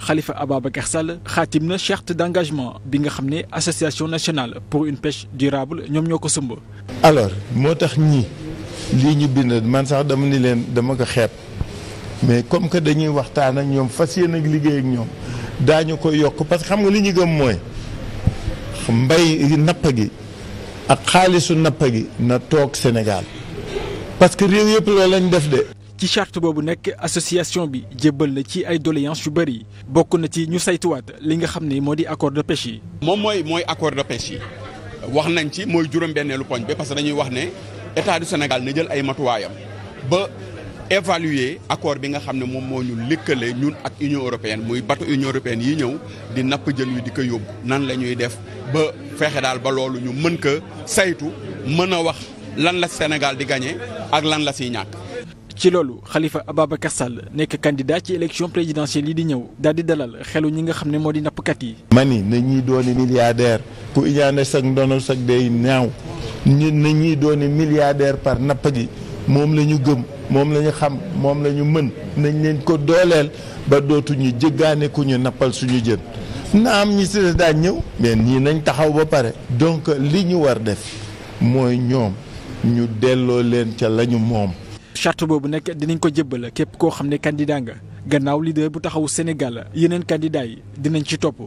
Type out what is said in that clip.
xalifa Ababacar Sall xaatim na charte d'engagement bi nga xam ne association nationale pour une pêche durable ñoom ñoo ko sumb. alors moo tax ñii lii ñu bind man sax dama ni leen dama ko xeeb mais comme que dañuy waxtaan ak ñoom fas yéene ak liggéey ak ñoom daañu ko yokk parce que xam nga li ñu gëm mooy mbay napp gi ak xaalisu napp gi na toog Sénégal parce que réew yëpp loolu lañ def de. ci charte boobu nekk association bi jébbal na ci ay doléances yu bëri bokk na ci ñu saytuwaat li nga xam ni moo di accord de pêche yi. moom mooy mooy accord de pêche yi wax nañ ci mooy juróom-benneelu poñ bi parce que dañuy wax ne état du Sénégal na jël ay matuwaayam ba évaluer accord bi nga xam ne moom moo ñu lëkkale ñun ak union européenne muy bateau union européenne yi ñëw di napp jën wi di ko yóbbu. nan la ñuy def ba fexe daal ba loolu ñu mën ko saytu mën a wax lan la Sénégal di gagné ak lan la siy ñàkk. ci loolu Khalifa Ababacar Sall nekk candidat ci élection présidentielle yi di ñëw daal di dalal xelu ñi nga xam ne moo di nappkat yi. ma ni ñuy dooni milliardaire ku iñaane sag ndono sag day ñaaw ñu na ñuy dooni par napp gi moom la ñu gëm moom lañu xam moom la ñu mën nañ leen ko dooleel ba dootuñu jëggaane ku ñu nappal suñu jën na am ñi si daan ñëw mais nii nañ taxaw ba pare donc li ñu war def mooy ñoom ñu delloo leen ca lañu moom. charte boobu nag dinañ ko jébbal képp koo xam ne candidat nga gannaaw leader bu taxawu Sénégal yeneen candidat yi dinañ ci topp.